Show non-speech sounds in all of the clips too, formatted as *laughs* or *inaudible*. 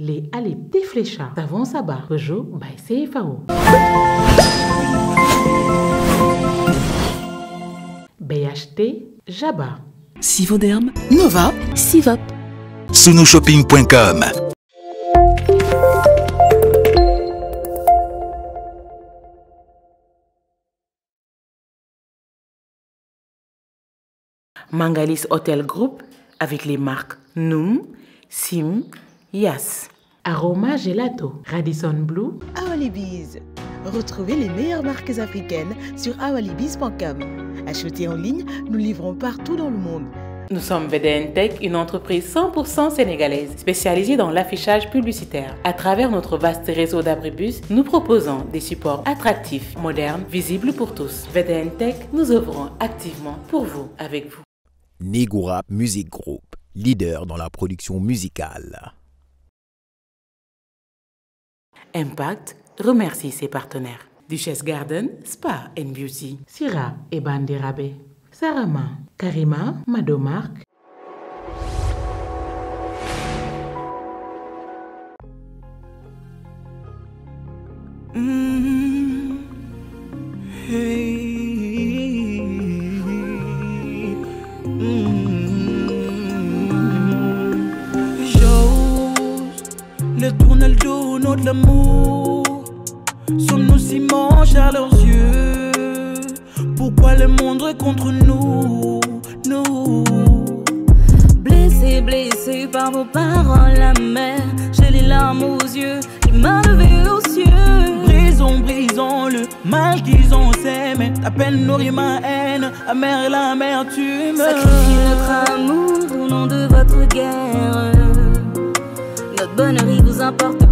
les avant ça Savon rejou bye c'est FAO. BHT Jabba. Sivoderm, Nova, Sivop. SunoShopping.com. Mangalis Hotel Group avec les marques Noom, Sim, Yes. Aroma Gelato, Radisson Blue, Awalibiz. Retrouvez les meilleures marques africaines sur awalibiz.com. Achetez en ligne, nous livrons partout dans le monde. Nous sommes VDN Tech, une entreprise 100% sénégalaise spécialisée dans l'affichage publicitaire. À travers notre vaste réseau d'abribus, nous proposons des supports attractifs, modernes, visibles pour tous. VDN Tech, nous œuvrons activement pour vous, avec vous. Negura Music Group, leader dans la production musicale. Impact remercie ses partenaires. Duchesse Garden, Spa and Beauty, Syrah et Bandirabe, Sarama, Karima, Madomark, hmm. Sommes-nous si manches à leurs yeux Pourquoi le monde est contre nous, nous Blessé, blessé par vos paroles mer J'ai les larmes aux yeux, les mains levées aux cieux Brisons, brisons le mal qu'ils ont semé. Ta peine nourrit ma haine, amère l'amertume Sacrifiez notre amour au nom de votre guerre Notre bonheur vous importe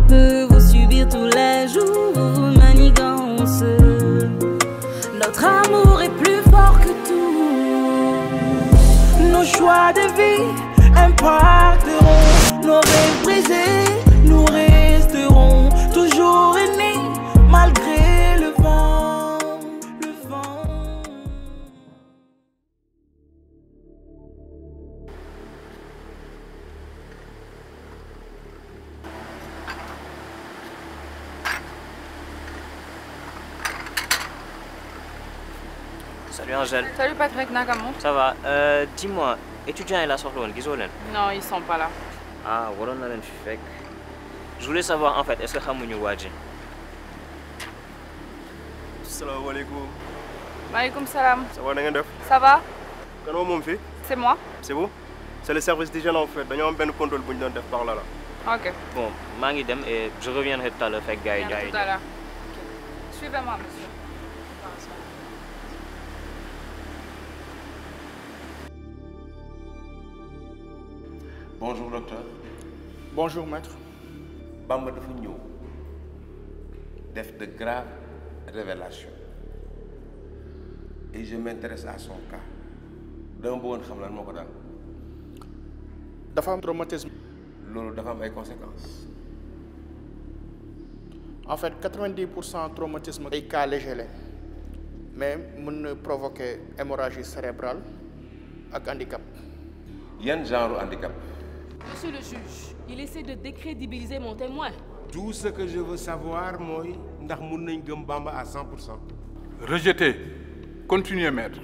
tous les jours manigance. Notre amour est plus fort que tout. Nos choix de vie impacteront nos rêves brisés. Salut Patrick, Nagamon. Ça va. Euh, dis-moi, étudiants et la Non, ils sont pas là. Ah, voilà, Je voulais savoir en fait, est-ce que Wadji Salam alaikum. salam. Ça va, Ça va Comment mon fils C'est moi. C'est vous C'est le service des en fait. Nous avons un contrôle pour nous là. Ok. Bon, je reviendrai tout à l'heure. Tout à l'heure. Suivez-moi. bonjour docteur. bonjour maître. Bamba dafa ñëw def de graves révélations et je m'intéresse à son cas dama bëggoon xam lan moo ko dafa traumatisme. loolu dafa am conséquences. en fait 90% de traumatismes. traumatisme. ay cas légers, mais mën provoquer hémorragie cérébrale un handicap. un genre handicap. Monsieur le juge, il essaie de décrédibiliser mon témoin. Tout ce que je veux savoir, moi, ndax suis Bamba à 100%. Rejeté. Continuez, maître.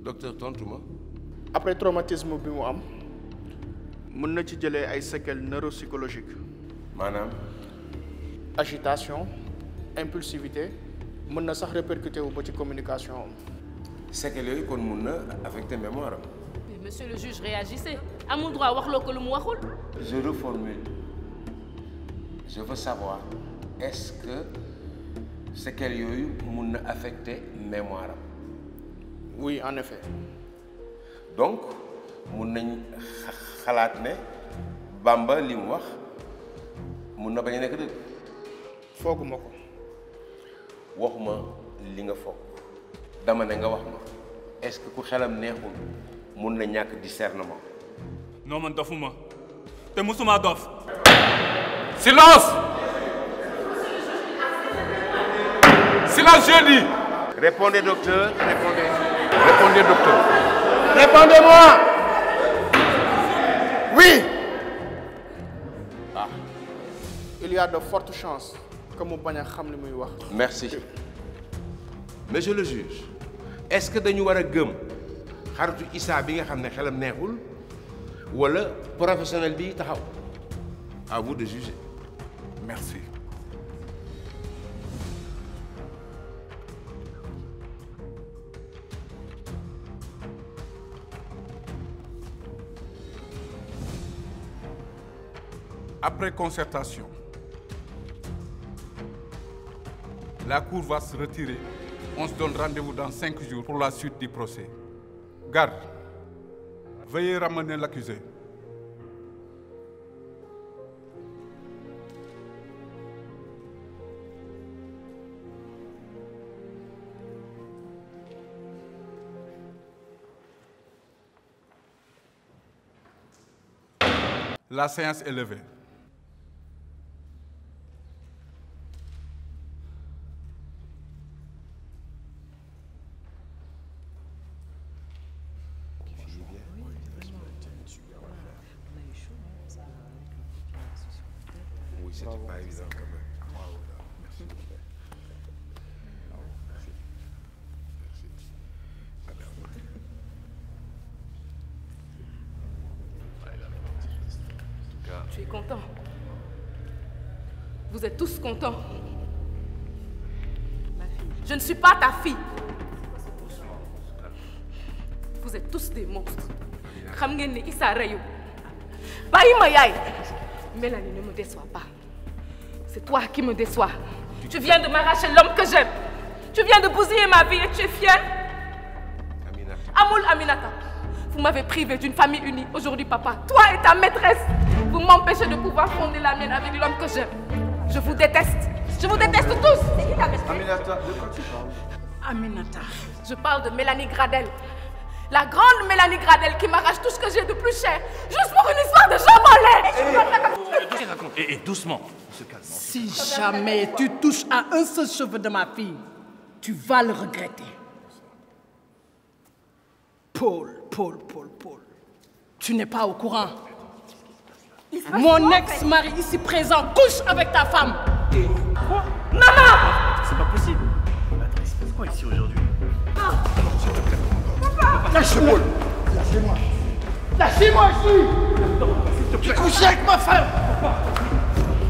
Docteur Tontouma..! Après le traumatisme je suis am Madame. na ci des séquelles neuropsychologiques. agitation impulsivité je na sax répercuté wu ba communication Ce séquelles est kon mën na la mémoire monsieur le juge réagissez droit je reformule je veux savoir est-ce que a affecté mun affecter mémoire oui en effet. donc mun nañ xalaat Bamba wax mun bañ nek li nga dama nga wax ma est-ce que ku xelam neexul mun na discernement non man te ma dof silence silence je dis répondez docteur répondez répondez docteur répondez-moi oui ah. il y a de fortes chances que mon sache xam merci monsieur le juge est-ce que nous avons ou alors professionnel dit. taxaw à vous de juger merci Après concertation, la Cour va se retirer. On se donne rendez-vous dans cinq jours pour la suite du procès. Garde. Veuillez ramener l'accusé. La séance est levée. C'est pas évident quand même. Bravo, merci. merci. Merci. Ah, tu es content Vous êtes tous contents Je ne suis pas ta fille. Vous êtes tous des monstres. Issa Rayo. Mélanie, ne me déçois pas. C'est toi qui me déçois. Tu viens de m'arracher l'homme que j'aime. Tu viens de bousiller ma vie et tu es fière Aminata. Amoul Aminata, vous m'avez privé d'une famille unie. Aujourd'hui, papa, toi et ta maîtresse, vous m'empêchez de pouvoir fonder la mienne avec l'homme que j'aime. Je vous déteste. Je vous déteste tous. Aminata, de quoi tu parles Aminata. Je parle de Mélanie Gradel. La grande Mélanie Gradel qui m'arrache tout ce que j'ai de plus cher, juste pour une histoire de jambon en et eh, eh, eh, doucement. Si jamais tu touches à un seul cheveu de ma fille, tu vas le regretter. Paul, Paul, Paul, Paul, tu n'es pas au courant. Mon ex-mari ici présent couche avec ta femme. Et Quoi Maman C'est pas possible. Patrice, ici aujourd'hui Lâchez-moi Lâchez-moi Lâchez-moi ici Tu avec ma femme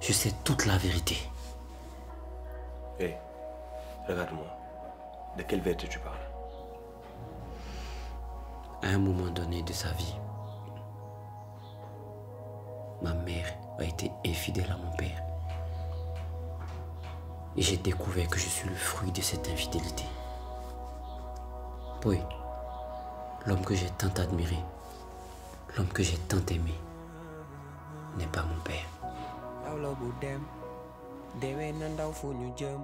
Je sais toute la vérité. Hé, eh, regarde-moi. De quelle vérité tu parles À un moment donné de sa vie, ma mère a été infidèle à mon père. Et j'ai découvert que je suis le fruit de cette infidélité. Oui, l'homme que j'ai tant admiré, l'homme que j'ai tant aimé, n'est pas mon père. lo bu dem Dewe nan dau fu nyu jem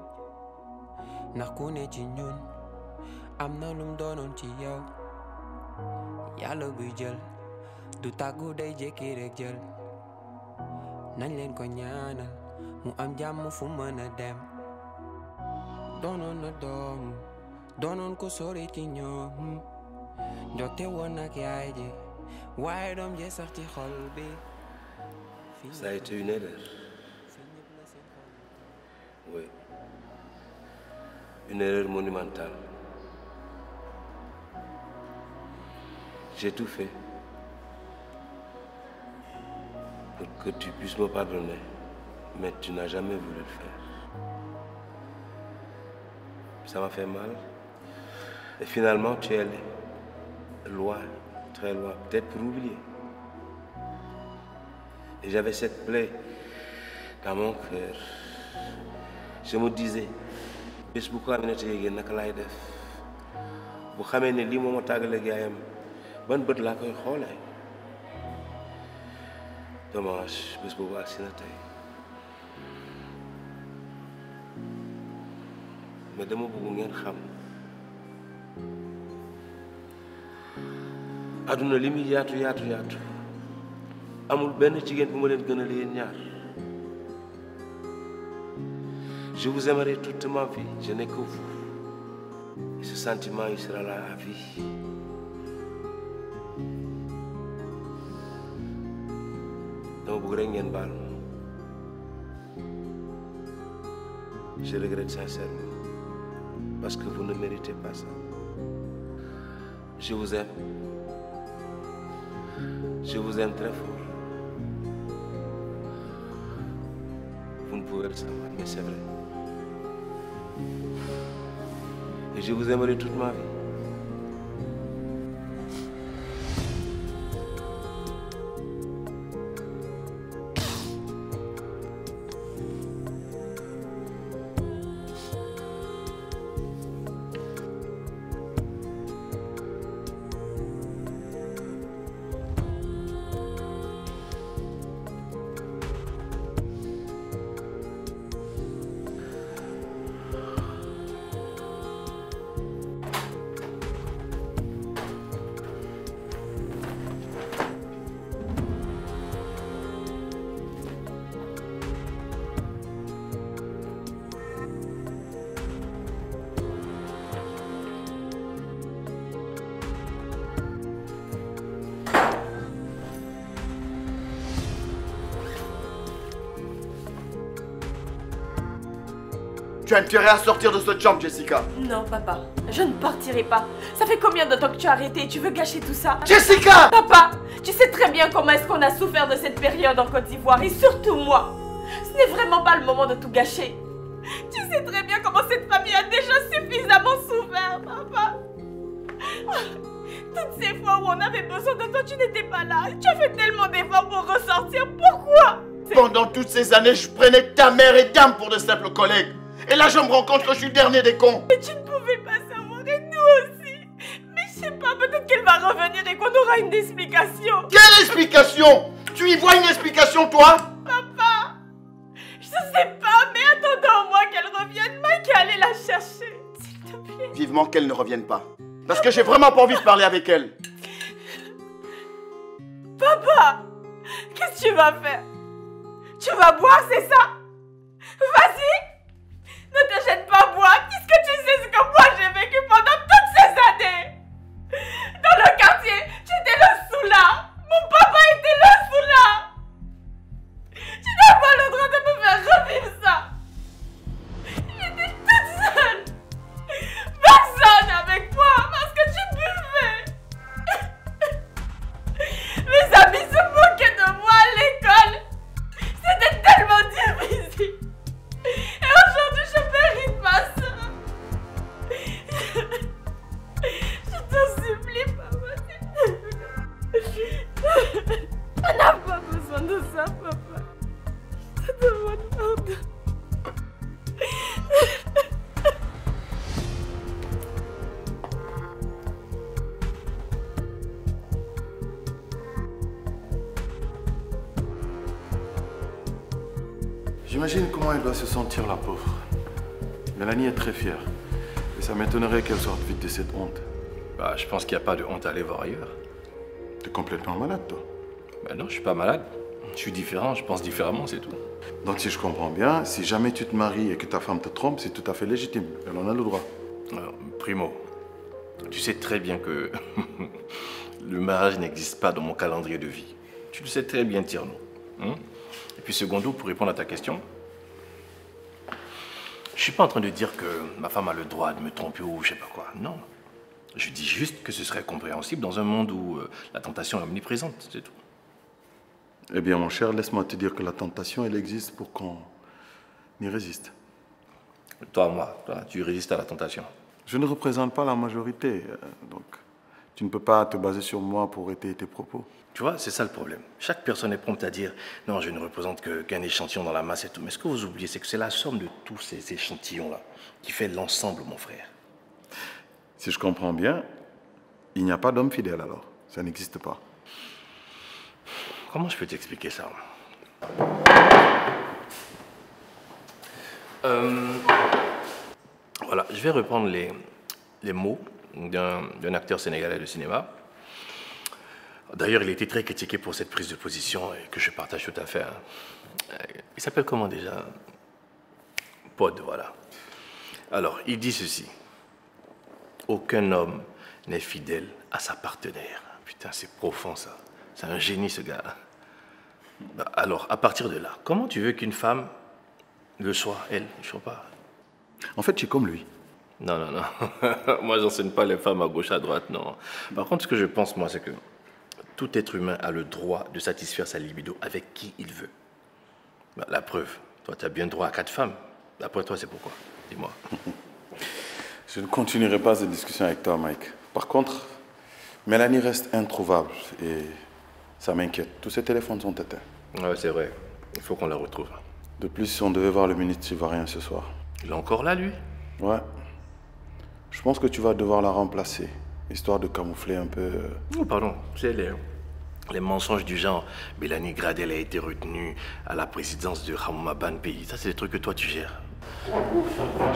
Na kune chi nyun Am na lum do non chi yau Ya lo bu jel Du tagu dai je kirek jel Nan len ko nyana Mu am jam mu fu mana dem Donon na domu Donon ko sore chi nyom Jote wona ki aje Waaye doom je sax ci xol bi Ça a été une erreur. Oui. Une erreur monumentale. J'ai tout fait pour que tu puisses me pardonner, mais tu n'as jamais voulu le faire. Ça m'a fait mal. Et finalement, tu es allé loin, très loin, peut-être pour oublier. Et j'avais cette plaie dans mon cœur. je me disais bés bu ko Aminata yéegee naka laay def bu xamee ne lii moom a tàggaleeg yaayam ban bët laa koy xoolee dommage bés boobu agsi na tey mais dama bëgg ngeen xam àdduna li muy yaatu yaatu yaatu amul benn jigéen bu ma leen gën a leen ñaar Je vous aimerai toute ma vie, je n'ai que vous. ce sentiment, il sera là à vie. Donc, vous Je regrette sincèrement. Parce que vous ne méritez pas ça. Je vous aime. Je vous aime très fort. Vous ne pouvez le savoir, mais c'est vrai. je vous aimerai toute ma vie. Tu as intérêt à sortir de cette chambre, Jessica. Non, papa. Je ne partirai pas. Ça fait combien de temps que tu as arrêté et tu veux gâcher tout ça Jessica Papa, tu sais très bien comment est-ce qu'on a souffert de cette période en Côte d'Ivoire et surtout moi. Ce n'est vraiment pas le moment de tout gâcher. Tu sais très bien comment cette famille a déjà suffisamment souffert, papa. Toutes ces fois où on avait besoin de toi, tu n'étais pas là. Tu as fait tellement d'efforts pour ressortir. Pourquoi Pendant toutes ces années, je prenais ta mère et dame pour de simples collègues. Et là, je me rends compte que je suis le dernier des cons. Mais tu ne pouvais pas savoir, et nous aussi. Mais je sais pas, peut-être qu'elle va revenir et qu'on aura une explication. Quelle explication Tu y vois une explication, toi Papa, je sais pas, mais attendons moi qu'elle revienne, Mike, allé la chercher, s'il te plaît. Vivement qu'elle ne revienne pas. Parce que j'ai vraiment pas envie de parler avec elle. Papa, qu'est-ce que tu vas faire Tu vas boire, c'est ça Vas-y ne te gêne pas moi, puisque tu sais ce que moi j'ai vécu pendant toutes ces années. Dans le quartier, j'étais le soula, Mon papa était le soula. Tu n'as pas le droit de me faire revivre J'imagine comment elle doit se sentir, la pauvre. Mélanie est très fière. Et ça m'étonnerait qu'elle sorte vite de cette honte. Bah, je pense qu'il n'y a pas de honte à aller voir ailleurs. T'es complètement malade, toi Bah non, je suis pas malade. Je suis différent, je pense différemment, c'est tout. Donc si je comprends bien, si jamais tu te maries et que ta femme te trompe, c'est tout à fait légitime. Elle en a le droit. Alors, primo, tu sais très bien que *laughs* le mariage n'existe pas dans mon calendrier de vie. Tu le sais très bien, Tierno. Hein et puis secondo, pour répondre à ta question, je ne suis pas en train de dire que ma femme a le droit de me tromper ou je sais pas quoi. Non. Je dis juste que ce serait compréhensible dans un monde où euh, la tentation est omniprésente, c'est tout. Eh bien, mon cher, laisse-moi te dire que la tentation, elle existe pour qu'on y résiste. Toi, moi, toi, tu résistes à la tentation. Je ne représente pas la majorité, euh, donc tu ne peux pas te baser sur moi pour étayer tes propos. Tu vois, c'est ça le problème. Chaque personne est prompte à dire non, je ne représente qu'un échantillon dans la masse et tout. Mais ce que vous oubliez, c'est que c'est la somme de tous ces échantillons-là qui fait l'ensemble, mon frère. Si je comprends bien, il n'y a pas d'homme fidèle alors. Ça n'existe pas. Comment je peux t'expliquer ça euh, Voilà, je vais reprendre les, les mots d'un acteur sénégalais de cinéma D'ailleurs, il était très critiqué pour cette prise de position euh, que je partage tout à fait. Hein. Euh, il s'appelle comment déjà Pod, voilà. Alors, il dit ceci. Aucun homme n'est fidèle à sa partenaire. Putain, c'est profond ça. C'est un génie ce gars. Hein. Bah, alors, à partir de là, comment tu veux qu'une femme le soit, elle Je sais pas. En fait, tu es comme lui. Non, non, non. *laughs* moi, j'enseigne pas les femmes à gauche, à droite, non. Par contre, ce que je pense, moi, c'est que tout être humain a le droit de satisfaire sa libido avec qui il veut. Bah, la preuve, toi, tu as bien droit à quatre femmes. D'après toi, c'est pourquoi Dis-moi. *laughs* Je ne continuerai pas cette discussion avec toi, Mike. Par contre, Mélanie reste introuvable et ça m'inquiète. Tous ses téléphones sont éteints. Ouais, c'est vrai. Il faut qu'on la retrouve. De plus, si on devait voir le ministre rien ce soir. Il est encore là, lui Ouais. Je pense que tu vas devoir la remplacer histoire de camoufler un peu. Euh, oh, pardon, c'est les, mensonges du genre. Mélanie Gradel a été retenue à la présidence de Ban Pays. Ça, c'est des trucs que toi, tu gères.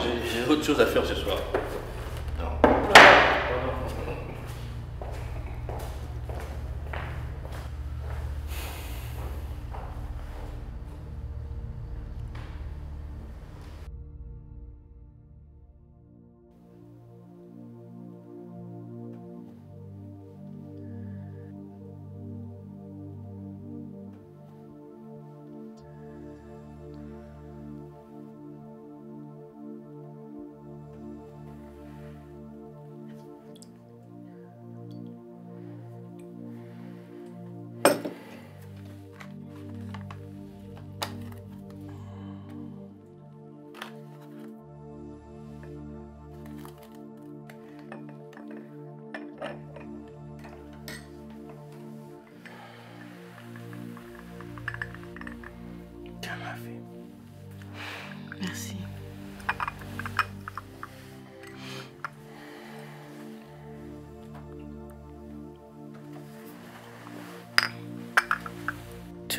J'ai autre chose à faire ce soir. Non.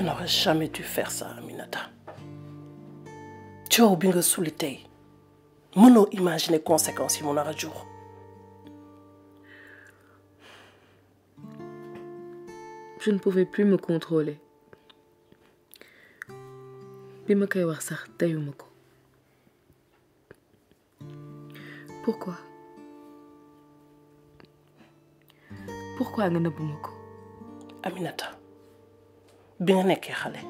Tu n'aurais jamais dû faire ça, Aminata. Tu ne peux pas tey mënoo imaginer conséquences si mon nar je ne pouvais plus me contrôler Je ne peux wax sax faire. pourquoi pourquoi nga nëbbuma ko Aminata bi nga nekkee xale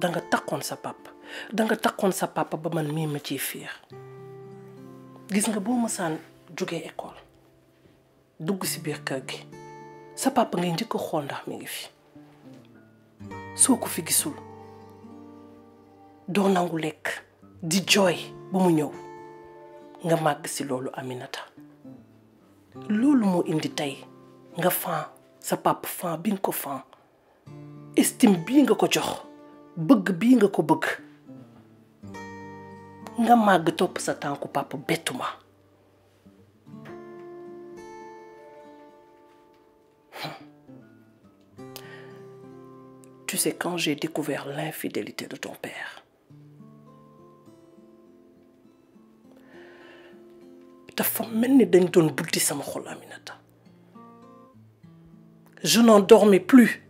da nga takkoon sa papa da nga takkoon sa papa ba man mii ma ciy fiir gis nga boo mësaan jógee école dugg si biir kër gi sa papa ngay njëkk a xool ndax mi ngi fi soo fi gisul doo nangu lekk di joy ba mu ñëw nga màgg si loolu Aminata loolu moo indi tey nga fan sa papa fan bi ko fan estime bi nga ko jox bëgg suis nga ko bëgg nga hmm. tu sais quand j'ai découvert l'infidélité de ton père Ta femme ni buti je n'en dormais plus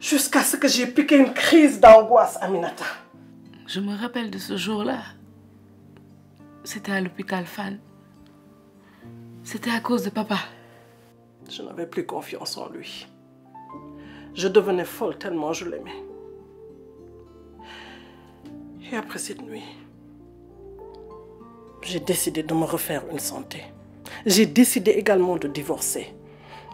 Jusqu'à ce que j'ai piqué une crise d'angoisse Aminata..! Je me rappelle de ce jour-là. C'était à l'hôpital Fan. C'était à cause de papa. Je n'avais plus confiance en lui. Je devenais folle tellement je l'aimais. Et après cette nuit, j'ai décidé de me refaire une santé. J'ai décidé également de divorcer.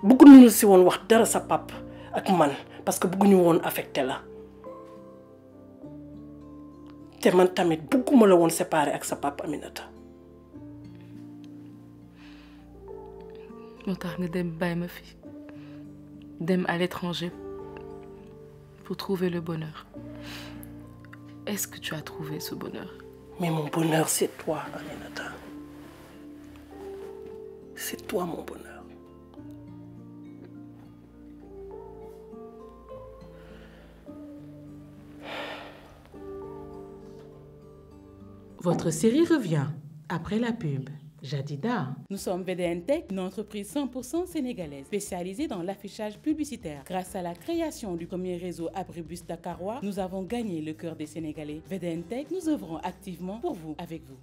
Beaucoup de nous voir on sa pape, avec man, parce que bëgguñu won affecté la te man tamit bëgguma la won séparé avec sa papa Aminata. Mon nga fi dem à l'étranger pour trouver le bonheur est-ce que tu as trouvé ce bonheur. mais mon bonheur c'est toi Aminata c'est toi mon bonheur. Votre série revient après la pub. Jadida. Nous sommes VDN une entreprise 100% sénégalaise spécialisée dans l'affichage publicitaire. Grâce à la création du premier réseau Abribus Dakarois, nous avons gagné le cœur des Sénégalais. VDN nous œuvrons activement pour vous, avec vous.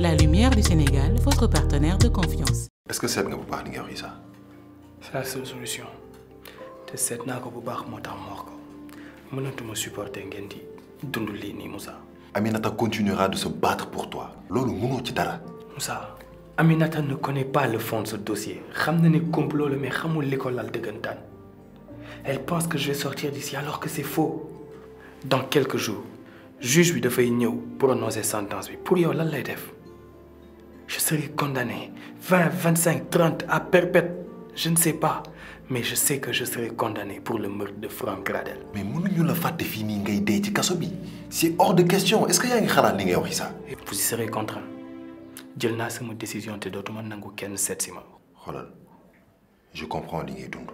La lumière du Sénégal, votre partenaire de confiance. Est-ce que c'est vous de C'est la seule solution. C'est que vous de Je ne peux supporter dund Moussa. Aminata continuera de se battre pour toi. Lolo Mouno ci Moussa Aminata ne connaît pas le fond de ce dossier Ramne ne complot mais xamul l'école lal elle pense que je vais sortir d'ici alors que c'est faux. dans quelques jours juge lui pour annoncer prononcer sentence pour yow lan je serai condamné 20, 25, 30 à perpète je ne sais pas mais je sais que je serai condamné pour le meurtre de Franck Radel. mais mënuñu la fàtte fii nii ngay dee ci c'est hors de question est-ce que yaa ngi xalaat li ngay wax vous y serez contraint jël naa sama décision te dootuma nangu kenn seet si je comprends ce que dund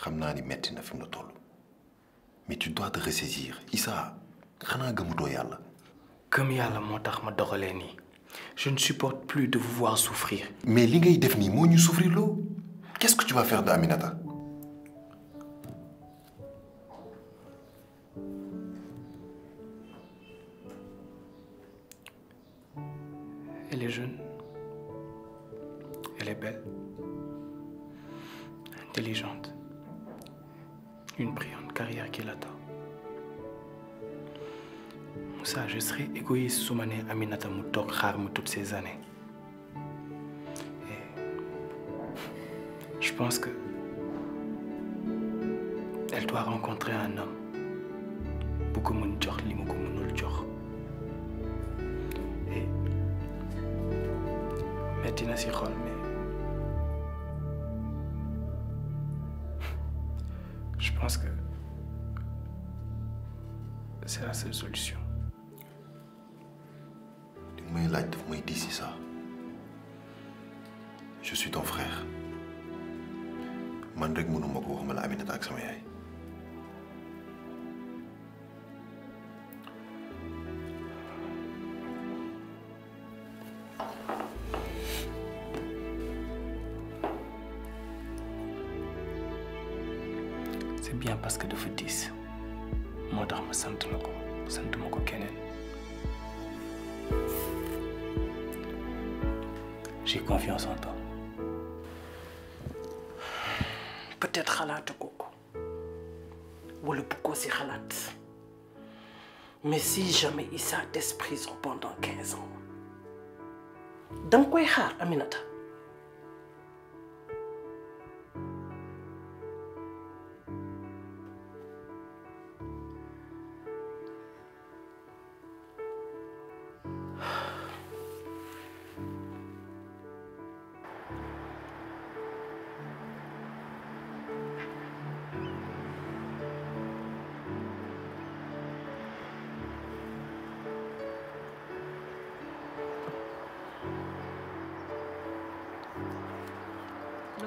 xam naa ni metti na fi mu la mais tu dois te ressaisir Issa xanaa gëmutoo yàlla. gëm yàlla Comme tax ma doxalee je ne supporte plus de vous voir souffrir. mais li ngay def nii moo souffrir loo. Qu'est-ce que tu vas faire de Aminata Elle est jeune. Elle est belle. Intelligente. Une brillante carrière qui l'attend. Moussa, je serai égoïste sous-mane Aminata Moutok toutes ces années. Je pense que elle doit rencontrer un homme beaucoup ko mën jox li ko et metti na si xol mais je pense que c'est la seule solution. may di ça je suis ton frère. C'est bien parce que de vous Moi, dans ma sant je suis j'ai confiance en toi peut-être la le le c'est si mais si jamais Issa des prison pendant 15 ans Donc, Aminata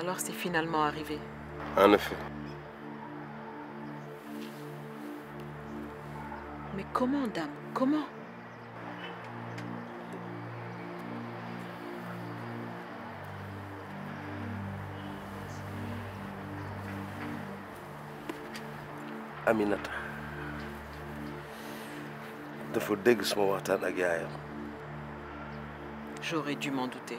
Alors c'est finalement arrivé. En effet. Mais comment, dame Comment Aminata Il que J'aurais dû m'en douter.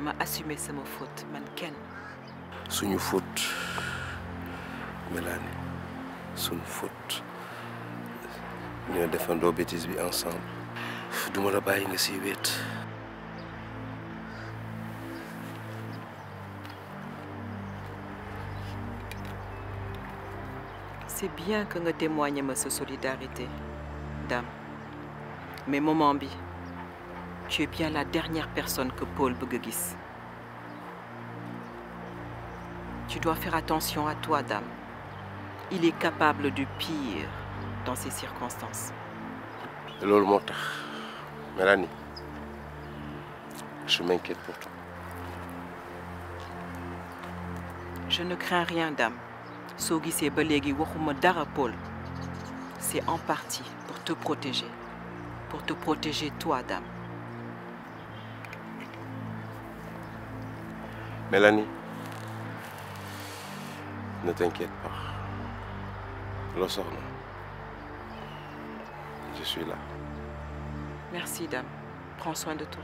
Je m'a assumé c'est mon faute, mannequin. C'est une faute, Mélanie. C'est une faute. Nous avons défendu nos bêtises ensemble. Je ne vais pas laisser si vite. C'est bien que nous témoignions de cette solidarité, dame. Mais mon ambi tu es bien la dernière personne que Paul veut tu dois faire attention à toi dame il est capable du pire dans ces circonstances Mélanie je m'inquiète pour toi je ne crains rien dame so ba Paul c'est en partie pour te protéger pour te protéger toi dame Mélanie, ne t'inquiète pas. non. je suis là. Merci, dame. Prends soin de toi.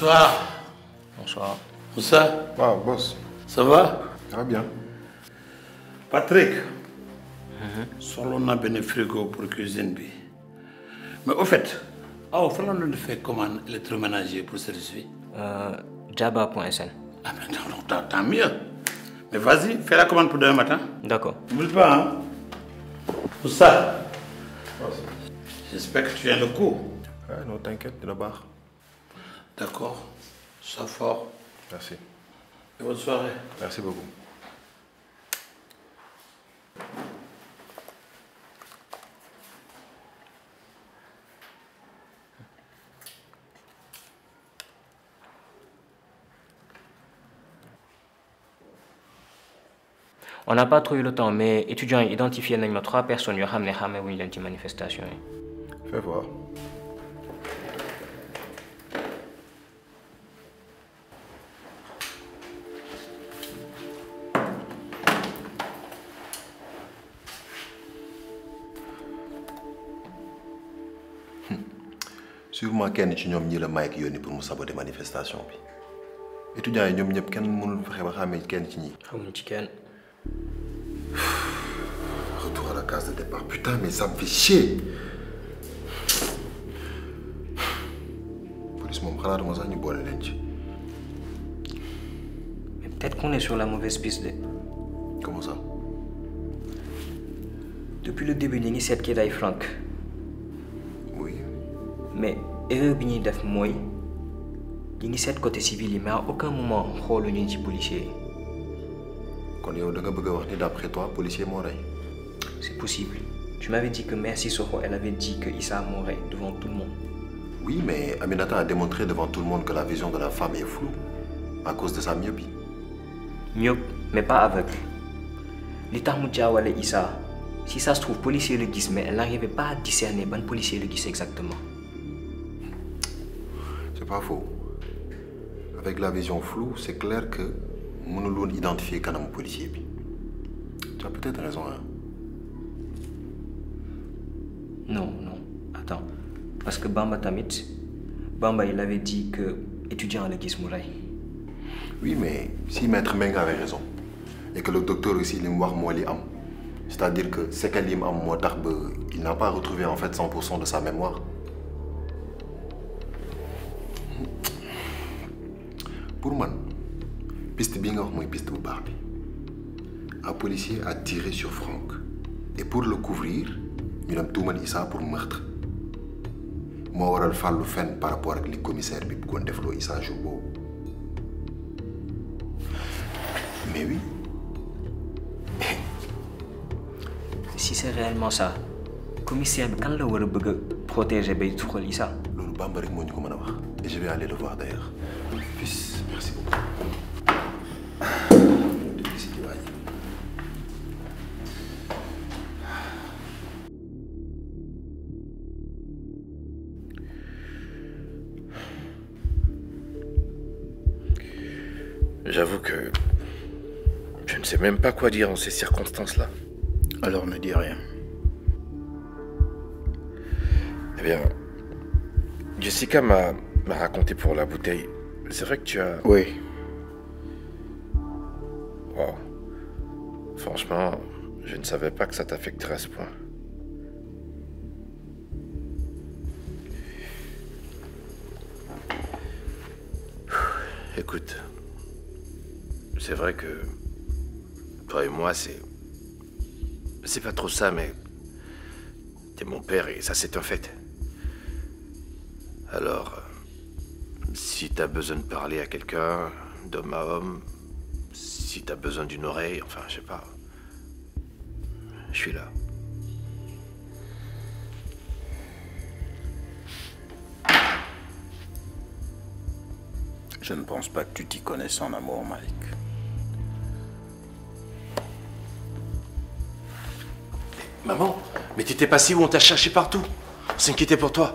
Bonsoir. Bonsoir. Moussa Ah, boss. Ça va Très bien. Patrick, mhm. solon na un frigo pour cuisine mais au fait aw fan la fait defee commande électroménager pour service bi. Euh, jaba ah mais tant tant mieux mais vas-y fais la commande pour demain matin. d'accord. n'oublie pas hein. Moussa. j'espère que tu viens le coup. ah non t'inquiète la barre. D'accord Ça fort. Merci. Et bonne soirée. Merci beaucoup. On n'a pas trouvé le temps, mais étudiants identifiés trois personnes qui ont manifestation Fais voir. pratiquement kenn ci ñoom ñii la Mike yónni pour mu saboter manifestation bi étudiants yi ñoom ñëpp kenn mënul fexe ba xàmmee kenn ci ñii. xamuñ ci kenn. *sighs* Retour à la case de départ putain mais ça me fait chier. *sighs* police moom xalaatuma sax ñu boole leen ci. mais peut-être qu'on est sur la mauvaise piste de. comment ça. depuis le début ñu ngi seet kii day Franck. oui. mais erreur bi ñuy def mooy ñu ngi côté civil mais à aucun moment xooluñu ci policier da nga bëgg a wax d'après toi policier moo c'est possible tu m'avais dit que merci Soho, elle avait dit que Issa moo devant tout le monde. oui mais Aminata a démontré devant tout le monde que la vision de la femme est floue à cause de sa myopie. Myopie mais pas aveugle li tax mu jaawale Issa si ça se trouve policier le gis mais elle n'arrivait pas à discerner ban policier le gis exactement pas faux avec la vision floue c'est clair que l'avons pas identifier kanamu policier tu as peut-être raison hein. non non attends parce que Bamba tamit Bamba il avait dit que étudiant à l'église oui mais si maître Menga avait raison et que le docteur aussi l'a dit c'est-à-dire que ce qu'il il n'a pas retrouvé en fait 100 de sa mémoire. pour moi, piste bi nga piste bu baax un policier a tiré sur Franck et pour le couvrir il a mis Issa pour meurtre vais faire le fin par rapport à le commissaire bi commissaire fait Issa mais oui *laughs* si c'est réellement ça commissaire quand kan la protéger bay Issa et je vais aller le voir d'ailleurs Merci beaucoup. J'avoue que je ne sais même pas quoi dire en ces circonstances-là. Alors ne dis rien. Eh bien, Jessica m'a raconté pour la bouteille c'est vrai que tu as. Oui. Franchement, je ne savais pas que ça t'affecterait à ce point. Écoute, c'est vrai que toi et moi, c'est. C'est pas trop ça, mais. T'es mon père et ça, c'est un fait. Alors. Si t'as besoin de parler à quelqu'un, d'homme à homme, si t'as besoin d'une oreille, enfin, je sais pas. Je suis là. Je ne pense pas que tu t'y connaisses en amour, Mike. Maman, mais t'étais passé où on t'a cherché partout. On s'inquiétait pour toi.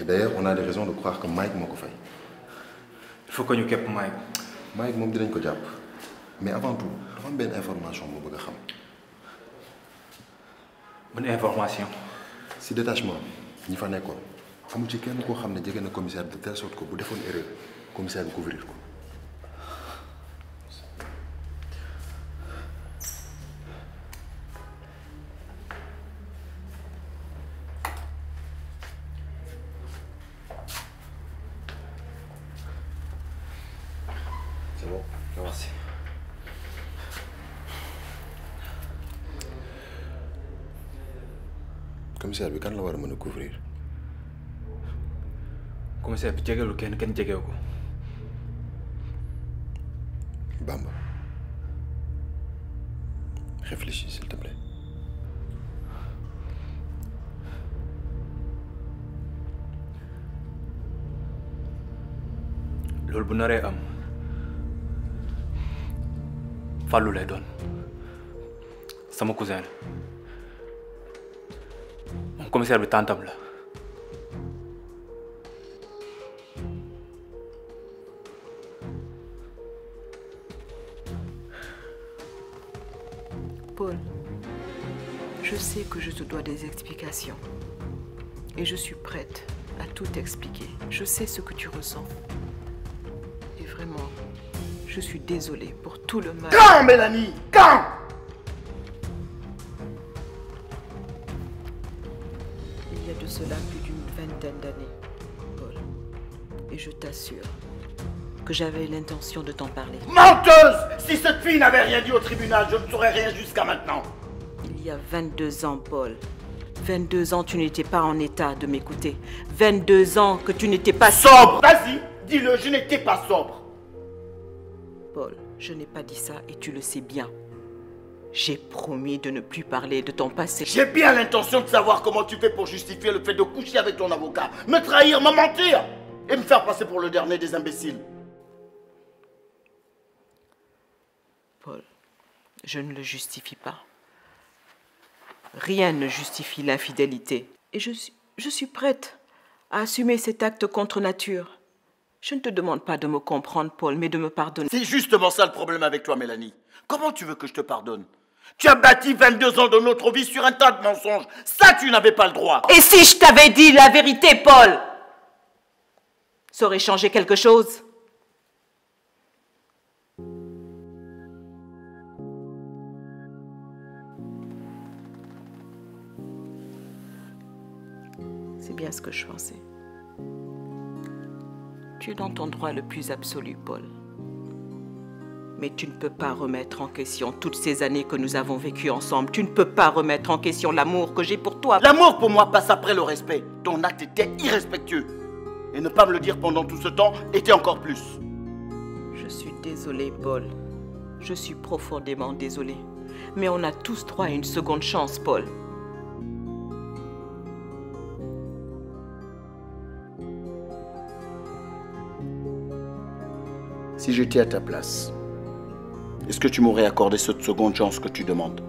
Et d'ailleurs, on a des raisons de croire que Mike m'a fait. Il faut que nous Mike. Mike, m'a dit que Mais avant tout, il y a une information que vous Une information Si détachement, il faut que nous sachions qu'il y a un commissaire de telle sorte que si vous avez une erreur, le commissaire va couvrir. Quoi. commissaire Bamba réfléchis s'il te plaît loolu bu am Fallou lay don. sama cousin commissaire bi tantam sais que je te dois des explications. Et je suis prête à tout expliquer. Je sais ce que tu ressens. Et vraiment, je suis désolée pour tout le mal. Quand, Mélanie Quand Il y a de cela plus d'une vingtaine d'années, Paul. Et je t'assure que j'avais l'intention de t'en parler. Menteuse Si cette fille n'avait rien dit au tribunal, je ne saurais rien jusqu'à maintenant y a 22 ans, Paul. 22 ans, tu n'étais pas en état de m'écouter. 22 ans que tu n'étais pas... Sobre Vas-y, dis-le, je n'étais pas sobre. Paul, je n'ai pas dit ça et tu le sais bien. J'ai promis de ne plus parler de ton passé. J'ai bien l'intention de savoir comment tu fais pour justifier le fait de coucher avec ton avocat, me trahir, me mentir et me faire passer pour le dernier des imbéciles. Paul, je ne le justifie pas. Rien ne justifie l'infidélité. Et je, suis prête à assumer cet acte contre nature. Je ne te demande pas de me comprendre, Paul, mais de me pardonner. C'est justement ça le problème avec toi, Mélanie. Comment tu veux que je te pardonne tu as bâti 22 ans de notre vie sur un tas de mensonges. Ça, tu n'avais pas le droit. Et si je t'avais dit la vérité, Paul Ça aurait changé quelque chose bien ce que je pensais. Tu es dans ton droit le plus absolu, Paul. Mais tu ne peux pas remettre en question toutes ces années que nous avons vécues ensemble. Tu ne peux pas remettre en question l'amour que j'ai pour toi. L'amour pour moi passe après le respect. Ton acte était irrespectueux. Et ne pas me le dire pendant tout ce temps était encore plus. Je suis désolée, Paul. Je suis profondément désolée. Mais on a tous trois une seconde chance, Paul. si j'étais à ta place, est-ce que tu m'aurais accordé cette seconde chance que tu demandes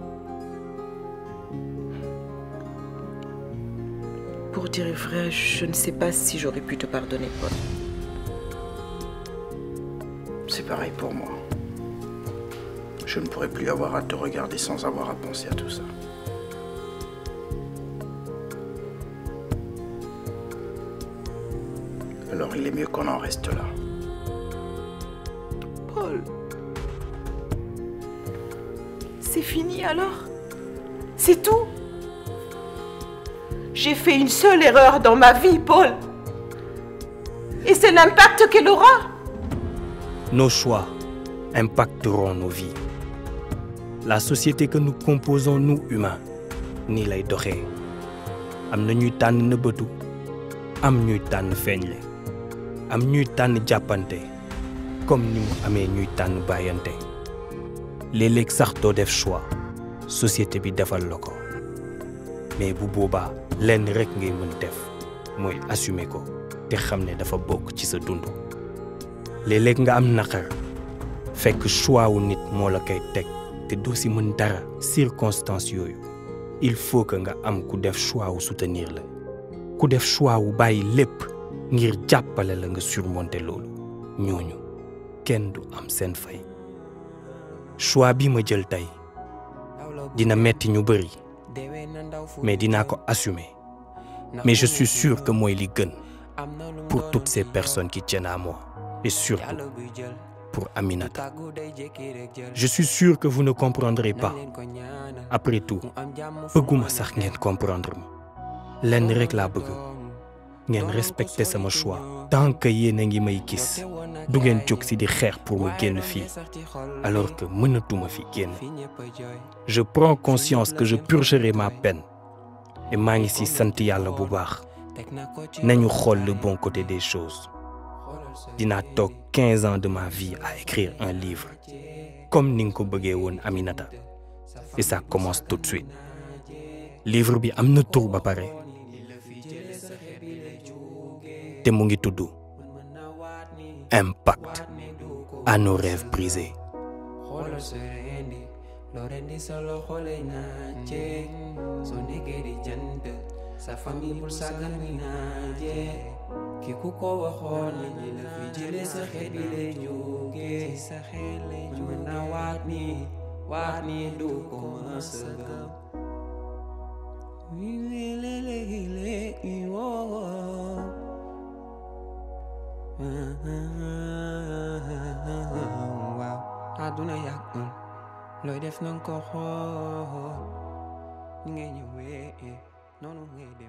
Pour dire vrai, je ne sais pas si j'aurais pu te pardonner, Paul. C'est pareil pour moi. Je ne pourrais plus avoir à te regarder sans avoir à penser à tout ça. Alors il est mieux qu'on en reste là. fini alors C'est tout J'ai fait une seule erreur dans ma vie, Paul. Et c'est l'impact qu'elle aura. Nos choix impacteront nos vies. La société que nous composons, nous humains, ni les doxee am Nous ñuy tànn Nous am ñuy comme nous mu qui ñuy les léeg sax def choix société bi defal la mais bu boba lenn rek ngay mën def moy assumer ko te xamné dafa bok ci sa dund. nga am naqar fekk choix wu nit mo la kay te do ci mën dara circonstance yoyu. il faut que nga am ku def choix ou soutenir la ku def choix ou bàyyi lépp ngir jappalé la nga surmonter lolu ñooñu kenn du am sen fay choix bi ma jël tey dina metti ñu bëri mais Dina ko assumer mais je suis sûr que mooy li gën pour toutes ces personnes qui tiennent à moi et surtout pour Aminata. Je suis sûr que vous ne comprendrez pas. Après tout, bëgguma sax ngeen comprendre ma lenn rek laa bëgg ngeen respecté sama choix tant que yéen a ngi may gis du ngeen jóg si di xeex pour ma génn fii alors que mënatuma fi génn je prends conscience que je purgerai ma peine et maa ngi si sant yàlla bu baax nañu xool le bon côté des choses dina toog 15 ans de ma vie à écrire un livre comme ni nga ko bëggee Aminata et ça commence tout de suite livre bi am na tur ba pare te mu ngi tudd impact à nos anu rêves brisés sa ni aduna yàggul looy def nanga ko xool ni ngay